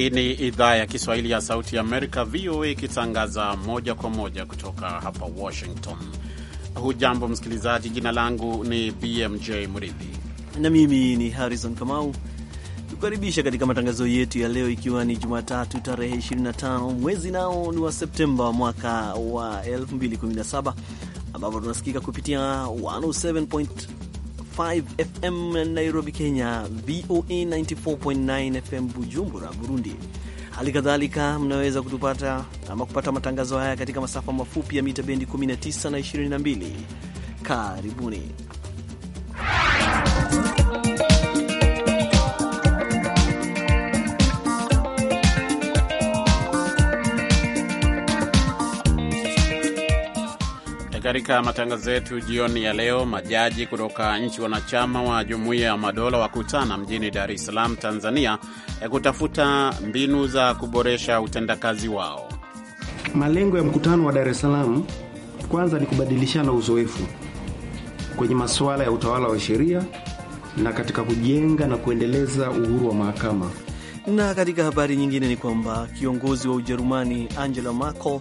Hii ni idhaa ya Kiswahili ya Sauti ya Amerika, VOA, ikitangaza moja kwa moja kutoka hapa Washington. Hujambo msikilizaji, jina langu ni BMJ Mridhi na mimi ni Harrison Kamau. Tukaribisha katika matangazo yetu ya leo, ikiwa ni Jumatatu tarehe 25 mwezi nao ni wa Septemba mwaka wa 2017 ambapo tunasikika kupitia 107 107.5 FM Nairobi, Kenya, VOA 94.9 FM Bujumbura, Burundi. Hali kadhalika mnaweza kutupata ama kupata matangazo haya katika masafa mafupi ya mita bendi 19 na 22. Karibuni. Katika matangazo yetu jioni ya leo, majaji kutoka nchi wanachama wa Jumuiya ya Madola wakutana mjini Dar es Salaam, Tanzania, eh, kutafuta mbinu za kuboresha utendakazi wao. Malengo ya mkutano wa Dar es Salaam kwanza ni kubadilishana uzoefu kwenye masuala ya utawala wa sheria na katika kujenga na kuendeleza uhuru wa mahakama. Na katika habari nyingine ni kwamba kiongozi wa Ujerumani Angela Merkel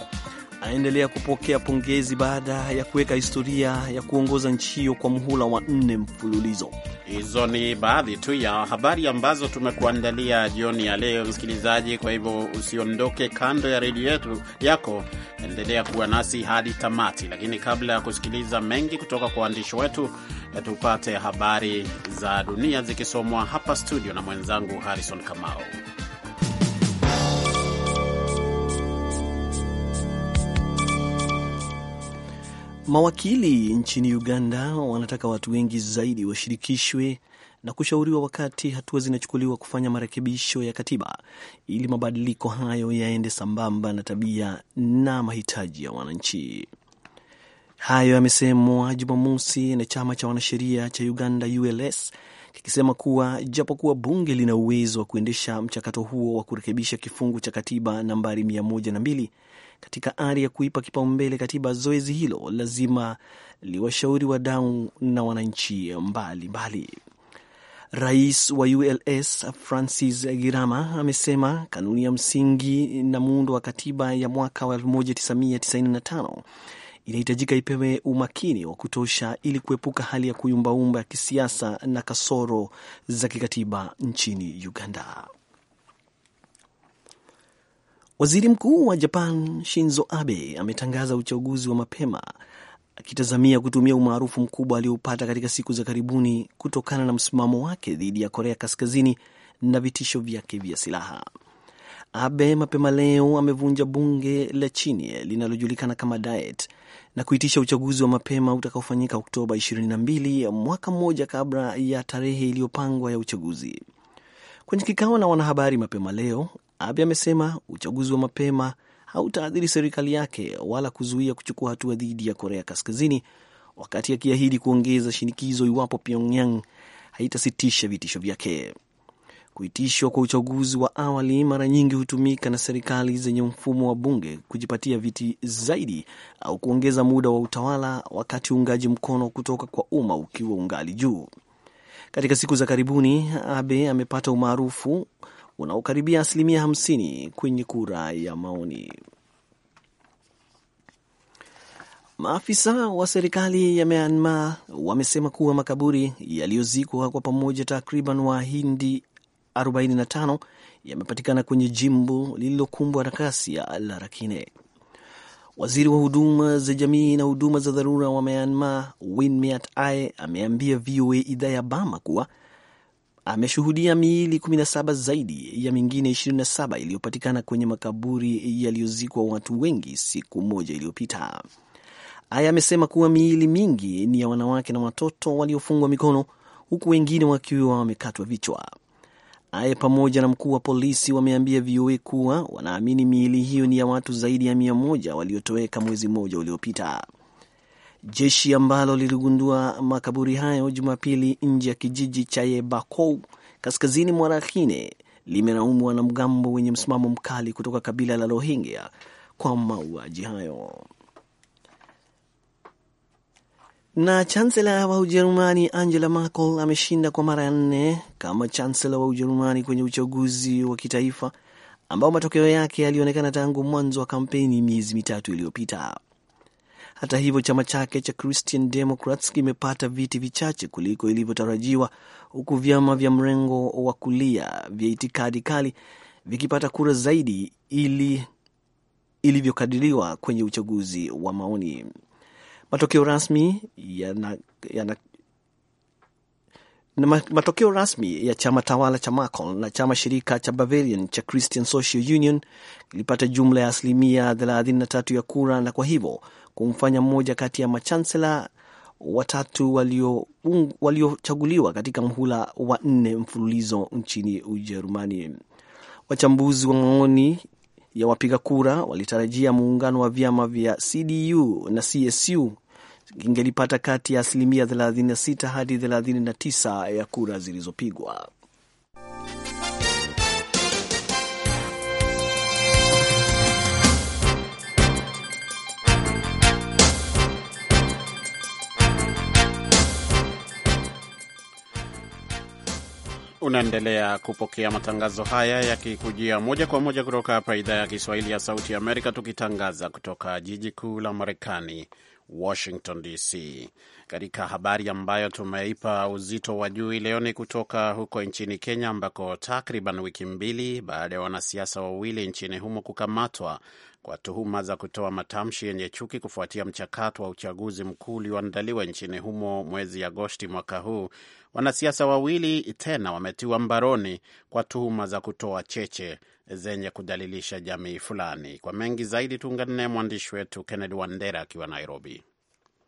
aendelea kupokea pongezi baada ya kuweka historia ya kuongoza nchi hiyo kwa mhula wa nne mfululizo. Hizo ni baadhi tu ya habari ambazo tumekuandalia jioni ya leo, msikilizaji. Kwa hivyo usiondoke kando ya redio yetu yako, endelea kuwa nasi hadi tamati. Lakini kabla ya kusikiliza mengi kutoka kwa waandishi wetu, tupate habari za dunia zikisomwa hapa studio na mwenzangu Harrison Kamau. Mawakili nchini Uganda wanataka watu wengi zaidi washirikishwe na kushauriwa wakati hatua zinachukuliwa kufanya marekebisho ya katiba ili mabadiliko hayo yaende sambamba na tabia na mahitaji ya wananchi. Hayo yamesemwa Jumamosi na chama cha wanasheria cha Uganda ULS kikisema kuwa japo kuwa bunge lina uwezo wa kuendesha mchakato huo wa kurekebisha kifungu cha katiba nambari mia moja na mbili katika ari ya kuipa kipaumbele katiba, zoezi hilo lazima liwashauri wadau na wananchi mbalimbali. Rais wa ULS Francis Girama amesema kanuni ya msingi na muundo wa katiba ya mwaka wa 1995 inahitajika ipewe umakini wa kutosha ili kuepuka hali ya kuyumbaumba ya kisiasa na kasoro za kikatiba nchini Uganda. Waziri Mkuu wa Japan Shinzo Abe ametangaza uchaguzi wa mapema akitazamia kutumia umaarufu mkubwa aliyoupata katika siku za karibuni kutokana na msimamo wake dhidi ya Korea Kaskazini na vitisho vyake vya silaha. Abe mapema leo amevunja bunge la chini linalojulikana kama Diet na kuitisha uchaguzi wa mapema utakaofanyika Oktoba 22 mwaka mmoja kabla ya tarehe iliyopangwa ya uchaguzi. Kwenye kikao na wanahabari mapema leo, Abe amesema uchaguzi wa mapema hautaathiri serikali yake wala kuzuia kuchukua hatua dhidi ya Korea Kaskazini, wakati akiahidi kuongeza shinikizo iwapo Pyongyang haitasitisha vitisho vyake. Kuitishwa kwa uchaguzi wa awali mara nyingi hutumika na serikali zenye mfumo wa bunge kujipatia viti zaidi au kuongeza muda wa utawala, wakati uungaji mkono kutoka kwa umma ukiwa ungali juu. Katika siku za karibuni, Abe amepata umaarufu unaokaribia asilimia 50 kwenye kura ya maoni. Maafisa wa serikali ya Myanmar wamesema kuwa makaburi yaliyozikwa kwa pamoja takriban Wahindi 45 yamepatikana kwenye jimbo lililokumbwa na ghasia la Rakhine. Waziri wa huduma za jamii na huduma za dharura wa Myanmar Win Myat Aye ameambia VOA idhaa ya Bama kuwa ameshuhudia miili 17 zaidi ya mingine 27 iliyopatikana kwenye makaburi yaliyozikwa watu wengi siku moja iliyopita. Aya amesema kuwa miili mingi ni ya wanawake na watoto waliofungwa mikono huku wengine wakiwa wamekatwa vichwa. Aye pamoja na mkuu wa polisi wameambia VOA kuwa wanaamini miili hiyo ni ya watu zaidi ya mia moja waliotoweka mwezi mmoja uliopita jeshi ambalo liligundua makaburi hayo Jumapili nje ya kijiji cha Yebakou kaskazini mwa Rakhine limelaumu wanamgambo wenye msimamo mkali kutoka kabila la Rohingya kwa mauaji hayo. Na chansela wa Ujerumani Angela Merkel ameshinda kwa mara ya nne kama chansela wa Ujerumani kwenye uchaguzi wa kitaifa ambao matokeo yake yalionekana tangu mwanzo wa kampeni miezi mitatu iliyopita. Hata hivyo, chama chake cha Christian Democrats kimepata viti vichache kuliko ilivyotarajiwa, huku vyama vya mrengo wa kulia vya itikadi kali vikipata kura zaidi ili ilivyokadiriwa kwenye uchaguzi wa maoni. Matokeo rasmi yana, yana, na matokeo rasmi ya chama tawala cha Macron na chama shirika cha Bavarian cha Christian Social Union kilipata jumla ya asilimia 33 ya kura, na kwa hivyo kumfanya mmoja kati ya machansela watatu waliochaguliwa walio katika mhula wa nne mfululizo nchini Ujerumani. Wachambuzi wa maoni ya wapiga kura walitarajia muungano wa vyama vya CDU na CSU kingelipata kati ya asilimia 36 hadi 39 ya kura zilizopigwa. Unaendelea kupokea matangazo haya yakikujia moja kwa moja kutoka hapa idhaa ya Kiswahili ya Sauti ya Amerika, tukitangaza kutoka jiji kuu la Marekani, Washington DC. Katika habari ambayo tumeipa uzito wa juu leo ni kutoka huko nchini Kenya, ambako takriban wiki mbili baada ya wanasiasa wawili nchini humo kukamatwa kwa tuhuma za kutoa matamshi yenye chuki kufuatia mchakato wa uchaguzi mkuu ulioandaliwa nchini humo mwezi Agosti mwaka huu, wanasiasa wawili tena wametiwa mbaroni kwa tuhuma za kutoa cheche zenye kudalilisha jamii fulani. Kwa mengi zaidi, tuungane naye mwandishi wetu Kennedy Wandera akiwa Nairobi.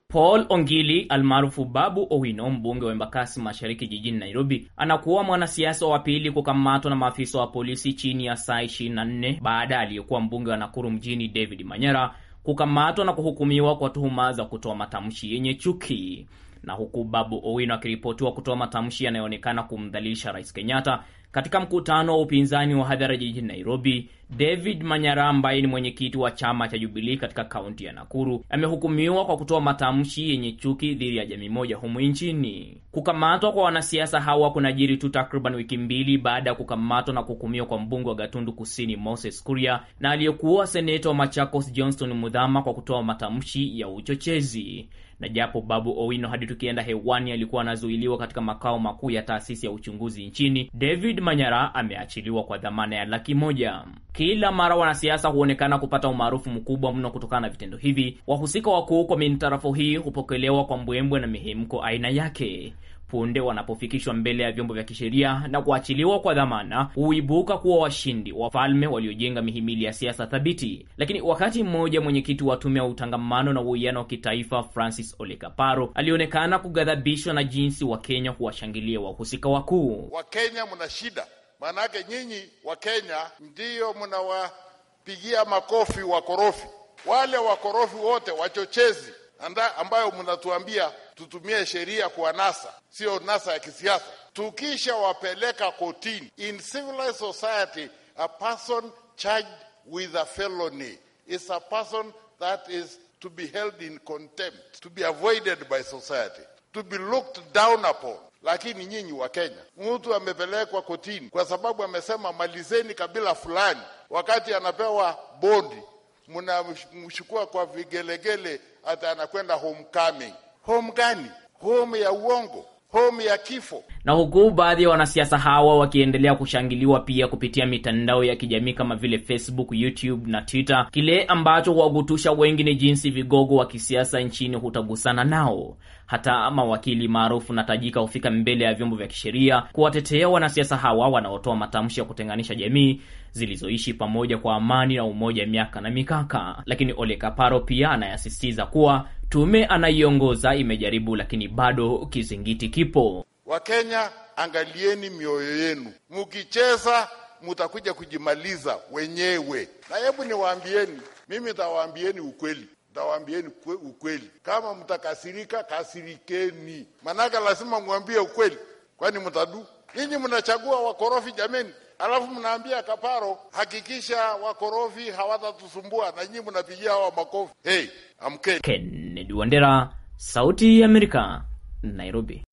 Paul Ongili almaarufu Babu Owino, mbunge wa Embakasi Mashariki jijini Nairobi, anakuwa mwanasiasa wa pili kukamatwa na maafisa wa polisi chini ya saa 24 baada ya aliyekuwa mbunge wa Nakuru mjini David manyara kukamatwa na kuhukumiwa kwa tuhuma za kutoa matamshi yenye chuki na huku Babu Owino akiripotiwa kutoa matamshi yanayoonekana kumdhalilisha Rais Kenyatta katika mkutano wa upinzani wa hadhara jijini Nairobi, David Manyara ambaye ni mwenyekiti wa chama cha Jubilii katika kaunti ya Nakuru amehukumiwa kwa kutoa matamshi yenye chuki dhidi ya jamii moja humu nchini. Kukamatwa kwa wanasiasa hawa kunajiri tu takriban wiki mbili baada ya kukamatwa na kuhukumiwa kwa mbunge wa Gatundu Kusini Moses Kuria na aliyekuwa seneta wa Machakos Johnston Mudhama kwa kutoa matamshi ya uchochezi na japo Babu Owino hadi tukienda hewani alikuwa anazuiliwa katika makao makuu ya taasisi ya uchunguzi nchini, David Manyara ameachiliwa kwa dhamana ya laki moja. Kila mara wanasiasa huonekana kupata umaarufu mkubwa mno kutokana na vitendo hivi. Wahusika wakuu kwa mintarafu hii hupokelewa kwa mbwembwe na mihemko aina yake punde wanapofikishwa mbele ya vyombo vya kisheria na kuachiliwa kwa dhamana huibuka kuwa washindi, wafalme waliojenga mihimili ya siasa thabiti. Lakini wakati mmoja, mwenyekiti wa tume ya utangamano na uwiano wa kitaifa Francis Ole Kaparo alionekana kughadhabishwa na jinsi Wakenya huwashangilia wahusika wakuu. Wakenya mna shida, maanake nyinyi Wakenya ndiyo mnawapigia makofi wakorofi, wale wakorofi wote wachochezi anda ambayo mnatuambia tutumie sheria kwa nasa, sio nasa ya kisiasa. tukisha wapeleka kotini, in civilized society a person charged with a felony is a person that is to be held in contempt, to be avoided by society, to be looked down upon. Lakini nyinyi wa Kenya, mtu amepelekwa kotini kwa sababu amesema malizeni kabila fulani, wakati anapewa bondi mnamshukua kwa vigelegele, hata anakwenda home coming. Home gani? Home ya uongo homu ya kifo. Na huku baadhi ya wanasiasa hawa wakiendelea kushangiliwa pia kupitia mitandao ya kijamii kama vile Facebook, YouTube na Twitter, kile ambacho huwagutusha wengi ni jinsi vigogo wa kisiasa nchini hutagusana nao. Hata mawakili maarufu na tajika hufika mbele ya vyombo vya kisheria kuwatetea wanasiasa hawa wanaotoa matamshi ya kutenganisha jamii zilizoishi pamoja kwa amani na umoja miaka na mikaka. Lakini Ole Kaparo pia anayasisitiza kuwa tume anaiongoza imejaribu, lakini bado kizingiti kipo. Wakenya, angalieni mioyo yenu, mukicheza mutakuja kujimaliza wenyewe. Na hebu niwaambieni, mimi nitawaambieni ukweli tawaambieni ukweli. Kama mtakasirika, kasirikeni, manake lazima mwambie ukweli, kwani mtadu. Ninyi mnachagua wakorofi jameni, alafu mnaambia Kaparo, hakikisha wakorofi hawatatusumbua, na nyinyi mnapigia hawa makofi. Hey, amkeni. Kennedy Wandera, Sauti ya Amerika, Nairobi.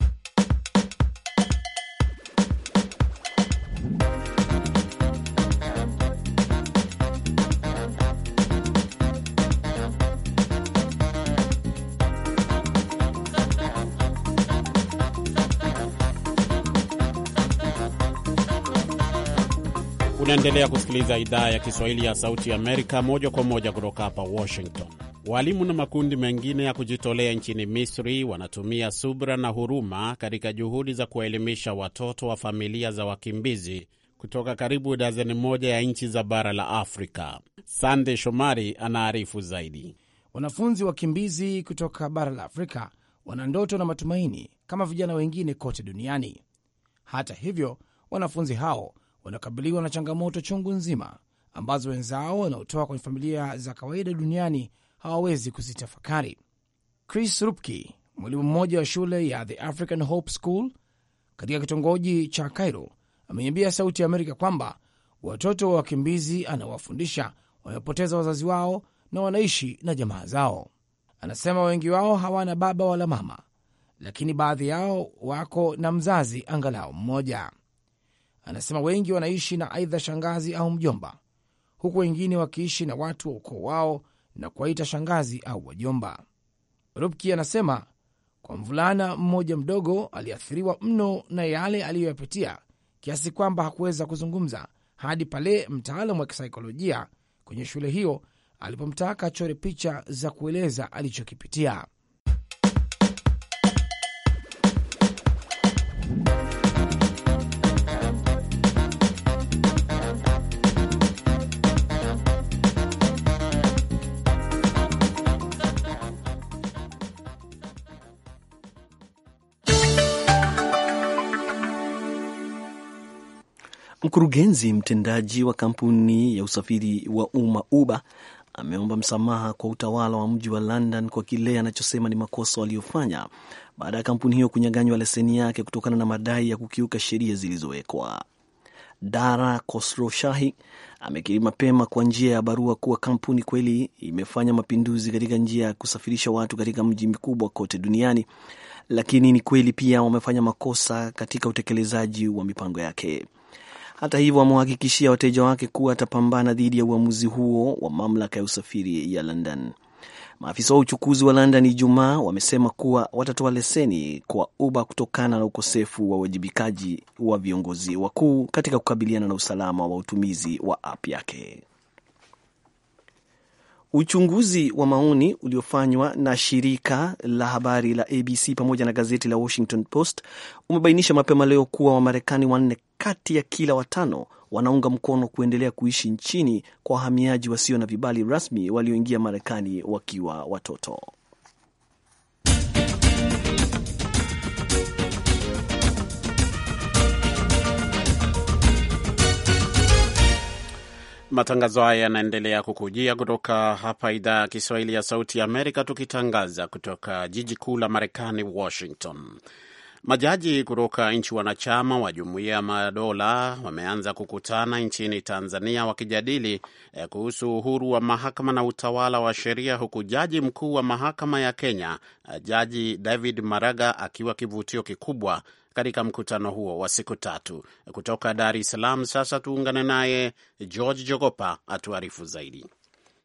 Unaendelea kusikiliza idhaa ya Kiswahili ya Sauti ya Amerika moja kwa moja kutoka hapa Washington. Walimu na makundi mengine ya kujitolea nchini Misri wanatumia subra na huruma katika juhudi za kuwaelimisha watoto wa familia za wakimbizi kutoka karibu dazeni moja ya nchi za bara la Afrika. Sande Shomari anaarifu zaidi. Wanafunzi wakimbizi kutoka bara la Afrika wana ndoto na matumaini kama vijana wengine kote duniani. Hata hivyo, wanafunzi hao wanakabiliwa na changamoto chungu nzima ambazo wenzao wanaotoka kwenye familia za kawaida duniani hawawezi kuzitafakari. Chris Rupki, mwalimu mmoja wa shule ya The African Hope School katika kitongoji cha Cairo, ameiambia Sauti ya Amerika kwamba watoto wa wakimbizi anawafundisha wamepoteza wazazi wao na wanaishi na jamaa zao. Anasema wengi wao hawana baba wala mama, lakini baadhi yao wako na mzazi angalau mmoja. Anasema wengi wanaishi na aidha shangazi au mjomba, huku wengine wakiishi na watu wa ukoo wao na kuwaita shangazi au wajomba. Rupki anasema kwa mvulana mmoja mdogo aliathiriwa mno na yale aliyoyapitia kiasi kwamba hakuweza kuzungumza hadi pale mtaalamu wa kisaikolojia kwenye shule hiyo alipomtaka achore picha za kueleza alichokipitia. Mkurugenzi mtendaji wa kampuni ya usafiri wa umma Uber ameomba msamaha kwa utawala wa mji wa London kwa kile anachosema ni makosa waliofanya baada ya kampuni hiyo kunyang'anywa leseni yake kutokana na madai ya kukiuka sheria zilizowekwa. Dara Khosrowshahi amekiri mapema kwa njia ya barua kuwa kampuni kweli imefanya mapinduzi katika njia ya kusafirisha watu katika mji mkubwa kote duniani, lakini ni kweli pia wamefanya makosa katika utekelezaji wa mipango yake. Hata hivyo, amewahakikishia wateja wake kuwa atapambana dhidi ya uamuzi huo wa mamlaka ya usafiri ya London. Maafisa wa uchukuzi wa London Ijumaa wamesema kuwa watatoa leseni kwa Uber kutokana na ukosefu wa uwajibikaji wa viongozi wakuu katika kukabiliana na usalama wa utumizi wa app yake. Uchunguzi wa maoni uliofanywa na shirika la habari la ABC pamoja na gazeti la Washington Post umebainisha mapema leo kuwa Wamarekani wanne kati ya kila watano wanaunga mkono kuendelea kuishi nchini kwa wahamiaji wasio na vibali rasmi walioingia Marekani wakiwa watoto. Matangazo haya yanaendelea kukujia kutoka hapa idhaa ya Kiswahili ya Sauti ya Amerika, tukitangaza kutoka jiji kuu la Marekani, Washington. Majaji kutoka nchi wanachama wa Jumuiya ya Madola wameanza kukutana nchini Tanzania wakijadili eh, kuhusu uhuru wa mahakama na utawala wa sheria, huku jaji mkuu wa mahakama ya Kenya, eh, Jaji David Maraga, akiwa kivutio kikubwa katika mkutano huo wa siku tatu. Kutoka Dar es Salaam sasa tuungane naye George Jogopa atuarifu zaidi.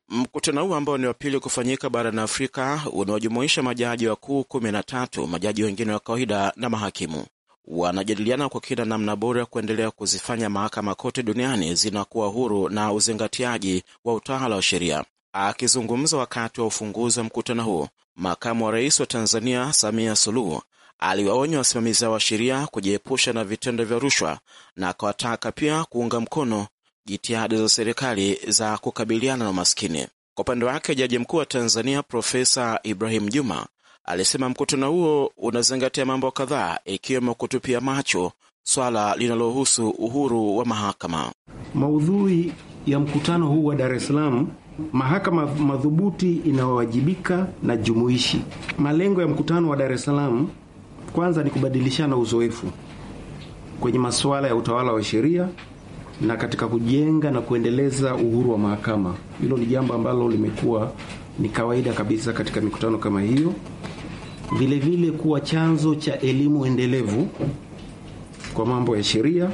Mkutano huu ambao ni wa pili kufanyika barani Afrika unaojumuisha majaji wakuu kumi na tatu, majaji wengine wa kawaida na mahakimu. Wanajadiliana kwa kina namna bora ya kuendelea kuzifanya mahakama kote duniani zinakuwa huru na uzingatiaji wa utawala wa sheria. Akizungumza wakati wa ufunguzi wa mkutano huo, makamu wa rais wa Tanzania Samia Suluhu aliwaonya wasimamizi wa sheria kujiepusha na vitendo vya rushwa na akawataka pia kuunga mkono jitihada za serikali za kukabiliana na umaskini. Kwa upande wake, jaji mkuu wa Tanzania Profesa Ibrahim Juma alisema mkutano huo unazingatia mambo kadhaa, ikiwemo kutupia macho swala linalohusu uhuru wa mahakama. Maudhui ya mkutano huu wa Dar es Salaam mahakama madhubuti inayowajibika na jumuishi. Malengo ya mkutano wa Dar es Salaam kwanza ni kubadilishana uzoefu kwenye masuala ya utawala wa sheria na katika kujenga na kuendeleza uhuru wa mahakama. Hilo ni jambo ambalo limekuwa ni kawaida kabisa katika mikutano kama hiyo, vilevile vile kuwa chanzo cha elimu endelevu kwa mambo ya sheria,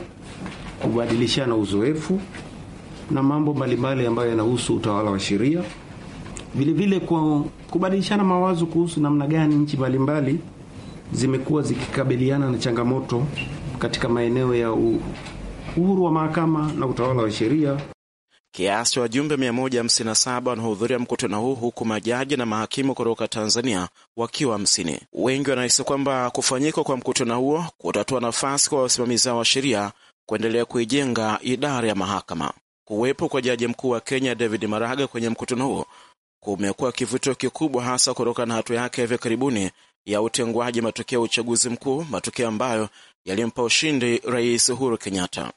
kubadilishana uzoefu na mambo mbalimbali ambayo yanahusu utawala wa sheria, vilevile kwa kubadilishana mawazo kuhusu namna gani nchi mbalimbali zimekuwa zikikabiliana na changamoto katika maeneo ya u uhuru wa mahakama na utawala wa sheria. Kiasi wajumbe 157 wanahudhuria mkutano huu huku majaji na mahakimu kutoka Tanzania wakiwa 50. Wengi wanahisi kwamba kufanyika kwa mkutano huo kutatoa nafasi kwa wasimamizi wa sheria kuendelea kuijenga idara ya mahakama. Kuwepo kwa jaji mkuu wa Kenya David Maraga kwenye mkutano huo kumekuwa kivutio kikubwa, hasa kutokana na hatua yake hivi karibuni ya utenguaji matokeo ya uchaguzi mkuu, matokeo ambayo yalimpa ushindi Rais Uhuru Kenyatta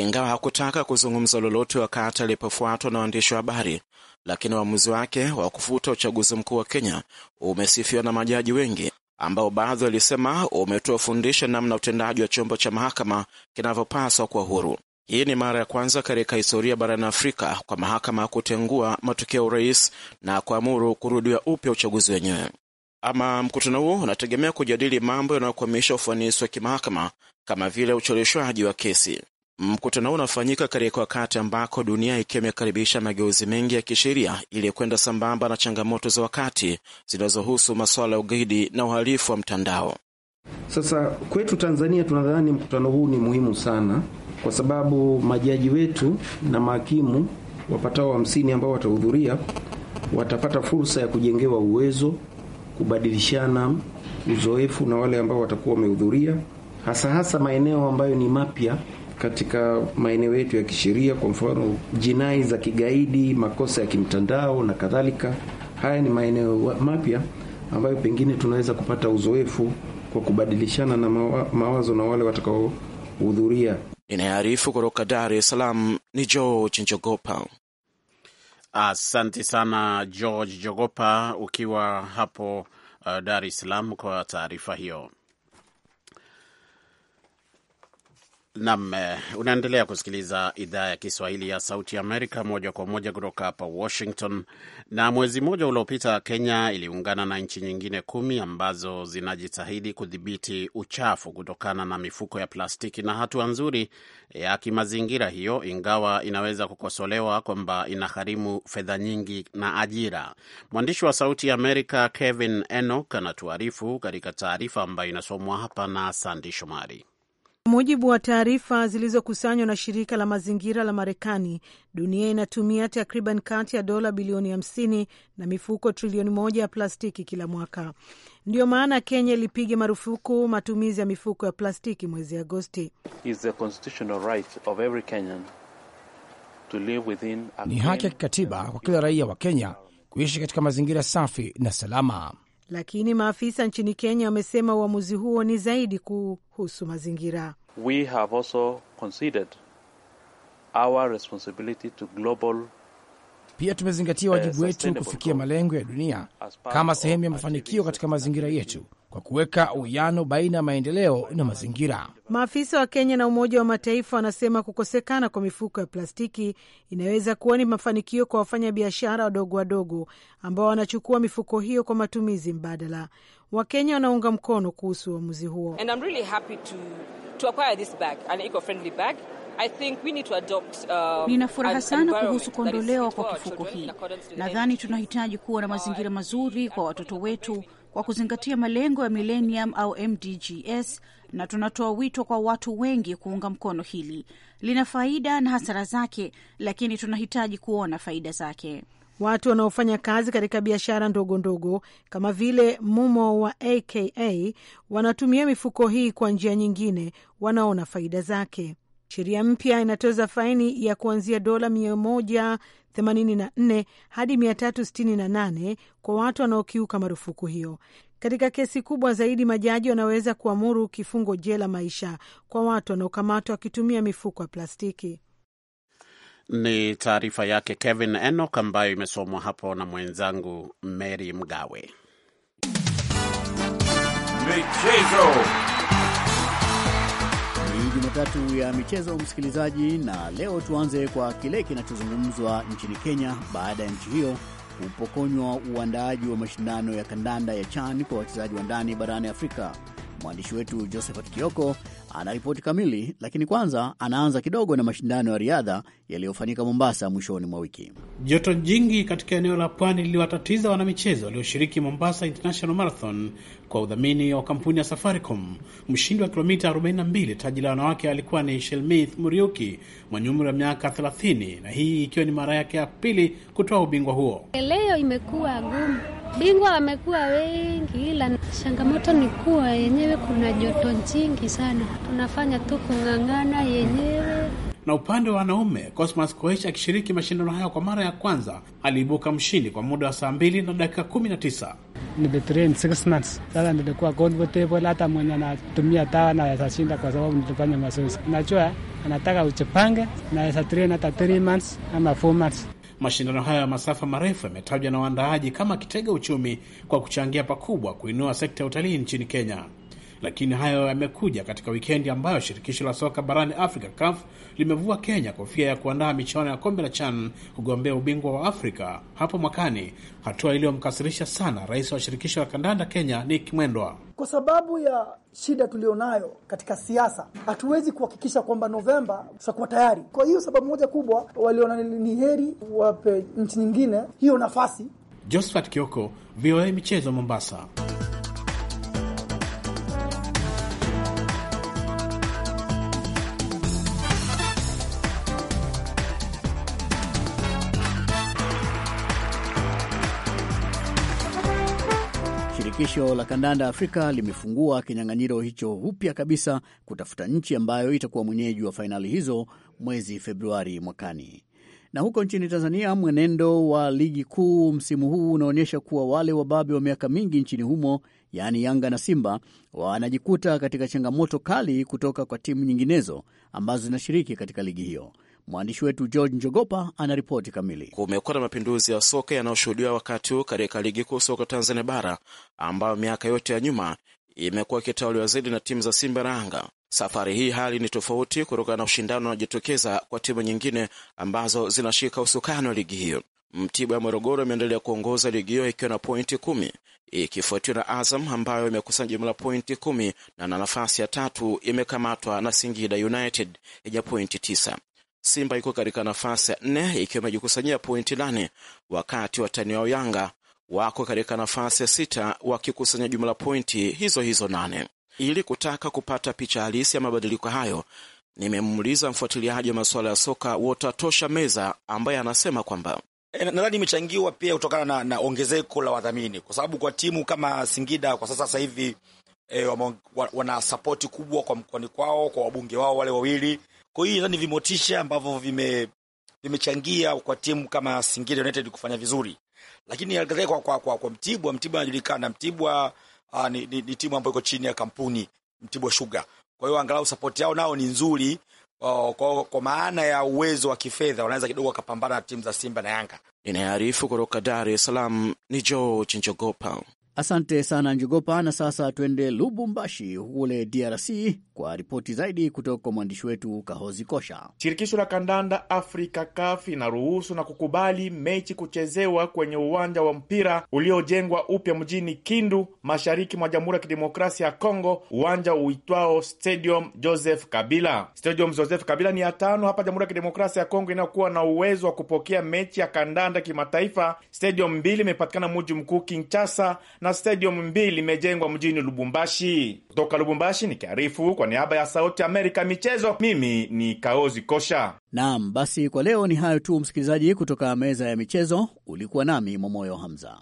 ingawa hakutaka kuzungumza lolote wakati alipofuatwa na waandishi wa habari, lakini uamuzi wake wa kufuta uchaguzi mkuu wa Kenya umesifiwa na majaji wengi ambao baadhi walisema umetoa fundisha namna utendaji wa chombo cha mahakama kinavyopaswa kuwa huru. Hii ni mara ya kwanza katika historia barani Afrika kwa mahakama ya kutengua matokeo ya urais na kuamuru kurudiwa upya uchaguzi wenyewe. Ama mkutano huo unategemea kujadili mambo yanayokwamisha ufanisi wa kimahakama kama vile ucheleweshwaji wa kesi. Mkutano huu unafanyika katika wakati ambako dunia ikiwa imekaribisha mageuzi mengi ya kisheria ili kwenda sambamba na changamoto za wakati zinazohusu masuala ya ugaidi na uhalifu wa mtandao. Sasa kwetu Tanzania, tunadhani mkutano huu ni muhimu sana, kwa sababu majaji wetu na mahakimu wapatao hamsini ambao watahudhuria watapata fursa ya kujengewa uwezo, kubadilishana uzoefu na wale ambao watakuwa wamehudhuria, hasa hasa maeneo ambayo ni mapya katika maeneo yetu ya kisheria, kwa mfano jinai za kigaidi, makosa ya kimtandao na kadhalika. Haya ni maeneo mapya ambayo pengine tunaweza kupata uzoefu kwa kubadilishana na mawa, mawazo na wale watakaohudhuria. Inayoarifu kutoka Dar es Salaam ni George Njogopa. Asante sana George Jogopa, ukiwa hapo uh, Dar es Salaam kwa taarifa hiyo. Nam, eh, unaendelea kusikiliza idhaa ya Kiswahili ya Sauti Amerika moja kwa moja kutoka hapa Washington. Na mwezi mmoja uliopita, Kenya iliungana na nchi nyingine kumi ambazo zinajitahidi kudhibiti uchafu kutokana na mifuko ya plastiki, na hatua nzuri ya kimazingira hiyo, ingawa inaweza kukosolewa kwamba inagharimu fedha nyingi na ajira. Mwandishi wa Sauti Amerika Kevin Enok anatuarifu katika taarifa ambayo inasomwa hapa na Sandi Shomari mujibu wa taarifa zilizokusanywa na shirika la mazingira la Marekani, dunia inatumia takriban kati ya dola bilioni 50 na mifuko trilioni moja ya plastiki kila mwaka. Ndiyo maana Kenya ilipiga marufuku matumizi ya mifuko ya plastiki mwezi Agosti. Ni haki ya kikatiba kwa kila raia wa Kenya kuishi katika mazingira safi na salama. Lakini maafisa nchini Kenya wamesema uamuzi huo ni zaidi kuhusu mazingira we have also considered our responsibility to global pia tumezingatia wajibu uh, wetu kufikia malengo ya dunia kama sehemu ya mafanikio katika mazingira yetu kwa kuweka uwiano baina ya maendeleo na mazingira. Maafisa wa Kenya na Umoja wa Mataifa wanasema kukosekana kwa mifuko ya plastiki inaweza kuwa ni mafanikio kwa wafanyabiashara wadogo wadogo ambao wanachukua mifuko hiyo kwa matumizi mbadala. Wakenya wanaunga mkono kuhusu uamuzi huo. Uh, Nina furaha sana kuhusu kuondolewa kwa kifuko hii. Nadhani tunahitaji kuwa na mazingira mazuri kwa watoto wetu kwa kuzingatia malengo ya millennium au MDGs, na tunatoa wito kwa watu wengi kuunga mkono hili. Lina faida na hasara zake, lakini tunahitaji kuona faida zake. Watu wanaofanya kazi katika biashara ndogo ndogo kama vile mumo wa aka wanatumia mifuko hii kwa njia nyingine, wanaona faida zake. Sheria mpya inatoza faini ya kuanzia dola 184 hadi 368 kwa watu wanaokiuka marufuku hiyo. Katika kesi kubwa zaidi, majaji wanaweza kuamuru kifungo jela maisha kwa watu wanaokamatwa wakitumia mifuko ya plastiki. Ni taarifa yake Kevin Enok ambayo imesomwa hapo na mwenzangu Mary Mgawe. Michezo. Jumatatu ya michezo msikilizaji, na leo tuanze kwa kile kinachozungumzwa nchini Kenya baada ya nchi hiyo kupokonywa uandaaji wa mashindano ya kandanda ya CHAN kwa wachezaji wa ndani barani Afrika. Mwandishi wetu Josephat Kioko ana ripoti kamili, lakini kwanza anaanza kidogo na mashindano ya riadha yaliyofanyika Mombasa mwishoni mwa wiki. Joto jingi katika eneo la pwani liliwatatiza wanamichezo walioshiriki Mombasa International Marathon kwa udhamini wa kampuni ya Safaricom. Mshindi wa kilomita 42 taji la wanawake alikuwa ni Shelmith Muriuki mwenye umri wa miaka 30, na hii ikiwa ni mara yake ya pili kutoa ubingwa huo. Leo imekuwa gumu, bingwa wamekuwa wengi, ila changamoto ni kuwa yenyewe kuna joto nyingi sana, tunafanya tu kung'ang'ana yenyewe na upande wa wanaume Cosmas Koech akishiriki mashindano hayo kwa mara ya kwanza aliibuka mshindi kwa muda wa saa 2 na dakika 19 nilitrain six months. Sasa nilikuwa comfortable, hata mwenye anatumia tawa naweza shinda kwa sababu nilifanya mazoezi. Najua anataka uchipange naweza train hata 3 months ama 4 months. Mashindano hayo ya masafa marefu yametajwa na waandaaji kama kitega uchumi kwa kuchangia pakubwa kuinua sekta ya utalii nchini Kenya lakini hayo yamekuja katika wikendi ambayo shirikisho la soka barani Afrika CAF limevua Kenya kofia ya kuandaa michuano ya kombe la CHAN kugombea ubingwa wa Afrika hapo mwakani, hatua iliyomkasirisha sana rais wa shirikisho la kandanda Kenya Nick Mwendwa. Kwa sababu ya shida tuliyonayo katika siasa, hatuwezi kuhakikisha kwamba Novemba tutakuwa tayari. Kwa hiyo sababu moja kubwa waliona ni heri wape nchi nyingine hiyo nafasi. Josephat Kioko, VOA Michezo, Mombasa. Shirikisho la kandanda Afrika limefungua kinyang'anyiro hicho upya kabisa kutafuta nchi ambayo itakuwa mwenyeji wa fainali hizo mwezi Februari mwakani. Na huko nchini Tanzania, mwenendo wa ligi kuu msimu huu unaonyesha kuwa wale wababe wa miaka mingi nchini humo, yaani Yanga na Simba, wanajikuta katika changamoto kali kutoka kwa timu nyinginezo ambazo zinashiriki katika ligi hiyo. Mwandishi wetu George Njogopa anaripoti kamili. Kumekuwa na mapinduzi ya soka yanayoshuhudiwa wakati huu katika ligi kuu soka Tanzania bara ambayo miaka yote ya nyuma imekuwa ikitawaliwa zaidi na timu za Simba na Yanga. Safari hii hali ni tofauti kutokana na ushindano unaojitokeza kwa timu nyingine ambazo zinashika usukani wa ligi hiyo. Mtibwa ya Morogoro imeendelea kuongoza ligi hiyo ikiwa na pointi kumi ikifuatiwa na Azam ambayo imekusanya jumla pointi kumi na na nafasi ya tatu imekamatwa na Singida United yenye pointi tisa. Simba iko katika nafasi ya nne ikiwa imejikusanyia pointi nane, wakati watani wao Yanga wako katika nafasi ya sita wakikusanya jumla pointi hizo hizo nane. Ili kutaka kupata picha halisi ya mabadiliko hayo, nimemuuliza mfuatiliaji wa masuala ya soka Wotatosha Meza ambaye anasema kwamba eh, nadhani imechangiwa pia kutokana na, na ongezeko la wadhamini, kwa sababu kwa timu kama Singida kwa sasa sasa hivi e, wana sapoti kubwa kwa mkoani kwao kwa wabunge wao wale wawili kwa hiyo ni vimotisha ambavyo vime vimechangia kwa timu kama Singida United kufanya vizuri, lakini angalia kwa, kwa, kwa, kwa Mtibwa. Mtibwa anajulikana Mtibwa uh, ni, ni, ni timu ambayo iko chini ya kampuni Mtibwa Sugar, kwa hiyo angalau sapoti yao nao ni nzuri uh, kwa, kwa maana ya uwezo wa kifedha wanaweza kidogo wakapambana na timu za Simba na Yanga. Inayoarifu kutoka Dar es Salaam ni Joe Njogopa. Asante sana Njogopa, na sasa twende Lubumbashi kule DRC kwa ripoti zaidi kutoka kwa mwandishi wetu Kahozi Kosha. Shirikisho la kandanda Afrika CAF inaruhusu na kukubali mechi kuchezewa kwenye uwanja wa mpira uliojengwa upya mjini Kindu, mashariki mwa Jamhuri ya Kidemokrasia ya Kongo, uwanja uitwao Stadium Joseph Kabila. Stadium Joseph Kabila ni ya tano hapa Jamhuri ya Kidemokrasia ya Kongo inayokuwa na uwezo wa kupokea mechi ya kandanda kimataifa. Stadium mbili imepatikana muji mkuu Kinshasa na stadium mbili imejengwa mjini Lubumbashi. Kutoka Lubumbashi nikiarifu kwa niaba ya Sauti Amerika michezo, mimi ni Kaozi Kosha. Naam, basi kwa leo ni hayo tu, msikilizaji. Kutoka meza ya michezo ulikuwa nami Momoyo Hamza.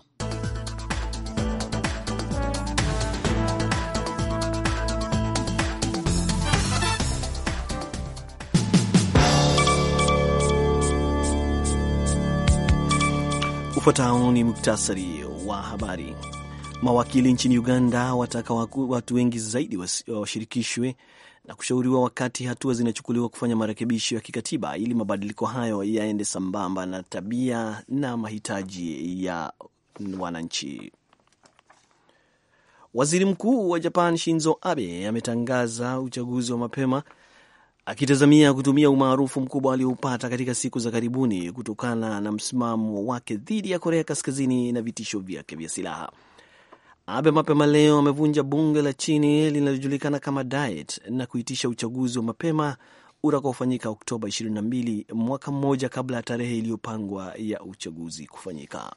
Ufuatao ni muktasari wa habari. Mawakili nchini Uganda wataka watu wengi zaidi washirikishwe na kushauriwa wakati hatua zinachukuliwa kufanya marekebisho ya kikatiba ili mabadiliko hayo yaende sambamba na tabia na mahitaji ya wananchi. Waziri Mkuu wa Japan Shinzo Abe ametangaza uchaguzi wa mapema akitazamia kutumia umaarufu mkubwa alioupata katika siku za karibuni kutokana na msimamo wake dhidi ya Korea Kaskazini na vitisho vyake vya silaha. Abe mapema leo amevunja bunge la chini linalojulikana kama Diet na kuitisha uchaguzi wa mapema utakaofanyika Oktoba 22 mwaka mmoja kabla ya tarehe iliyopangwa ya uchaguzi kufanyika.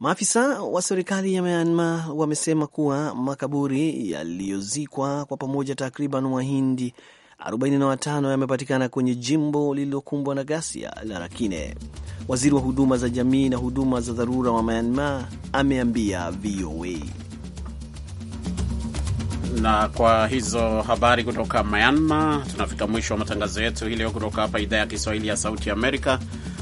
Maafisa wa serikali ya Myanmar wamesema kuwa makaburi yaliyozikwa kwa pamoja takriban Wahindi 45 yamepatikana kwenye jimbo lililokumbwa na ghasia la rakine Waziri wa huduma za jamii na huduma za dharura wa Myanmar ameambia VOA. Na kwa hizo habari kutoka Myanmar, tunafika mwisho wa matangazo yetu hii leo kutoka hapa idhaa ya Kiswahili ya Sauti Amerika.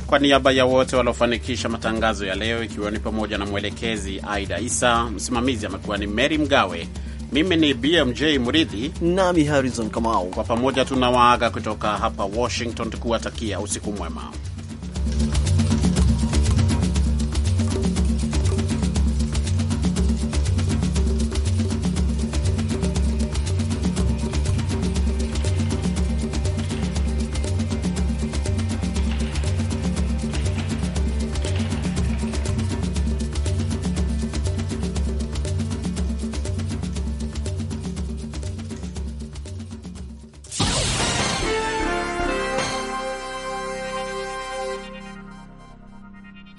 Kwa niaba ya wote waliofanikisha matangazo ya leo, ikiwa ni pamoja na mwelekezi Aida Isa, msimamizi amekuwa ni Mary Mgawe. Mimi ni BMJ Mridhi nami Harrison Kamau, kwa pamoja tunawaaga kutoka hapa Washington tukiwatakia usiku mwema.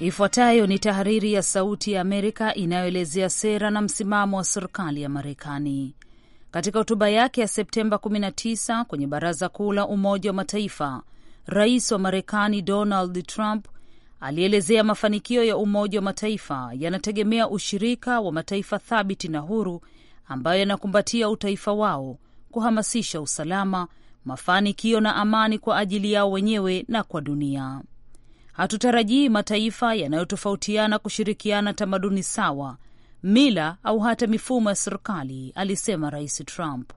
Ifuatayo ni tahariri ya Sauti ya Amerika inayoelezea sera na msimamo wa serikali ya Marekani. Katika hotuba yake ya Septemba 19 kwenye Baraza Kuu la Umoja wa Mataifa, rais wa Marekani Donald Trump alielezea mafanikio ya Umoja wa Mataifa yanategemea ushirika wa mataifa thabiti na huru ambayo yanakumbatia utaifa wao, kuhamasisha usalama, mafanikio na amani kwa ajili yao wenyewe na kwa dunia. Hatutarajii mataifa yanayotofautiana kushirikiana tamaduni sawa, mila au hata mifumo ya serikali, alisema Rais Trump,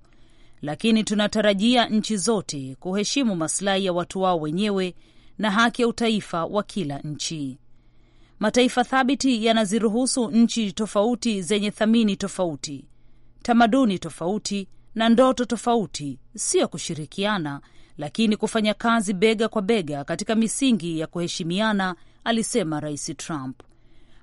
lakini tunatarajia nchi zote kuheshimu masilahi ya watu wao wenyewe na haki ya utaifa wa kila nchi. Mataifa thabiti yanaziruhusu nchi tofauti zenye thamani tofauti, tamaduni tofauti na ndoto tofauti, sio kushirikiana lakini kufanya kazi bega kwa bega katika misingi ya kuheshimiana, alisema Rais Trump.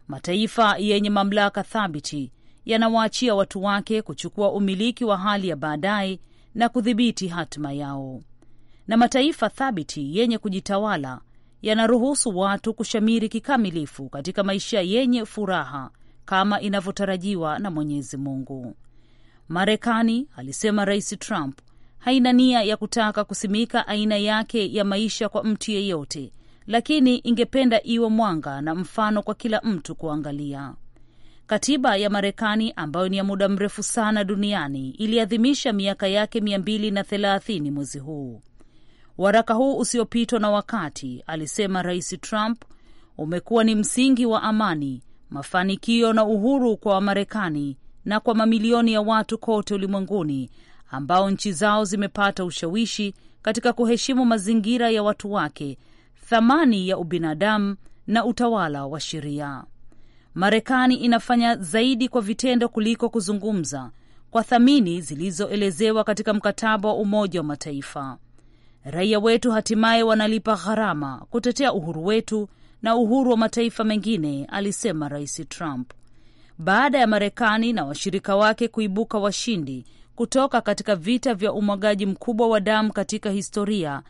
Mataifa yenye mamlaka thabiti yanawaachia watu wake kuchukua umiliki wa hali ya baadaye na kudhibiti hatima yao, na mataifa thabiti yenye kujitawala yanaruhusu watu kushamiri kikamilifu katika maisha yenye furaha kama inavyotarajiwa na Mwenyezi Mungu. Marekani, alisema Rais Trump, haina nia ya kutaka kusimika aina yake ya maisha kwa mtu yeyote, lakini ingependa iwe mwanga na mfano kwa kila mtu kuangalia. Katiba ya Marekani ambayo ni ya muda mrefu sana duniani iliadhimisha miaka yake mia mbili na thelathini mwezi huu. Waraka huu usiopitwa na wakati, alisema Rais Trump, umekuwa ni msingi wa amani, mafanikio na uhuru kwa Wamarekani na kwa mamilioni ya watu kote ulimwenguni ambao nchi zao zimepata ushawishi katika kuheshimu mazingira ya watu wake, thamani ya ubinadamu na utawala wa sheria. Marekani inafanya zaidi kwa vitendo kuliko kuzungumza, kwa thamini zilizoelezewa katika mkataba wa Umoja wa Mataifa. Raia wetu hatimaye wanalipa gharama kutetea uhuru wetu na uhuru wa mataifa mengine, alisema Rais Trump baada ya Marekani na washirika wake kuibuka washindi kutoka katika vita vya umwagaji mkubwa wa damu katika historia.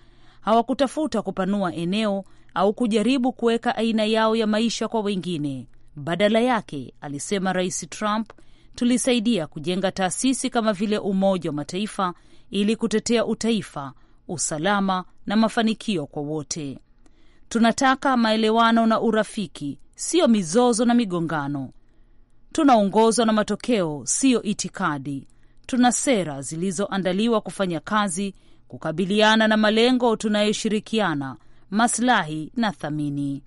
Hawakutafuta kupanua eneo au kujaribu kuweka aina yao ya maisha kwa wengine. Badala yake, alisema Rais Trump, tulisaidia kujenga taasisi kama vile Umoja wa Mataifa ili kutetea utaifa, usalama na mafanikio kwa wote. Tunataka maelewano na urafiki, sio mizozo na migongano. Tunaongozwa na matokeo, siyo itikadi tuna sera zilizoandaliwa kufanya kazi kukabiliana na malengo tunayoshirikiana, maslahi na thamini.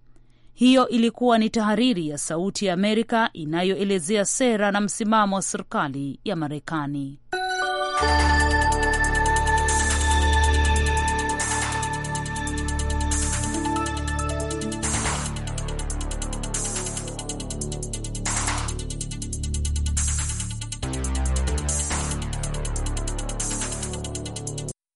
Hiyo ilikuwa ni tahariri ya Sauti ya Amerika inayoelezea sera na msimamo wa serikali ya Marekani.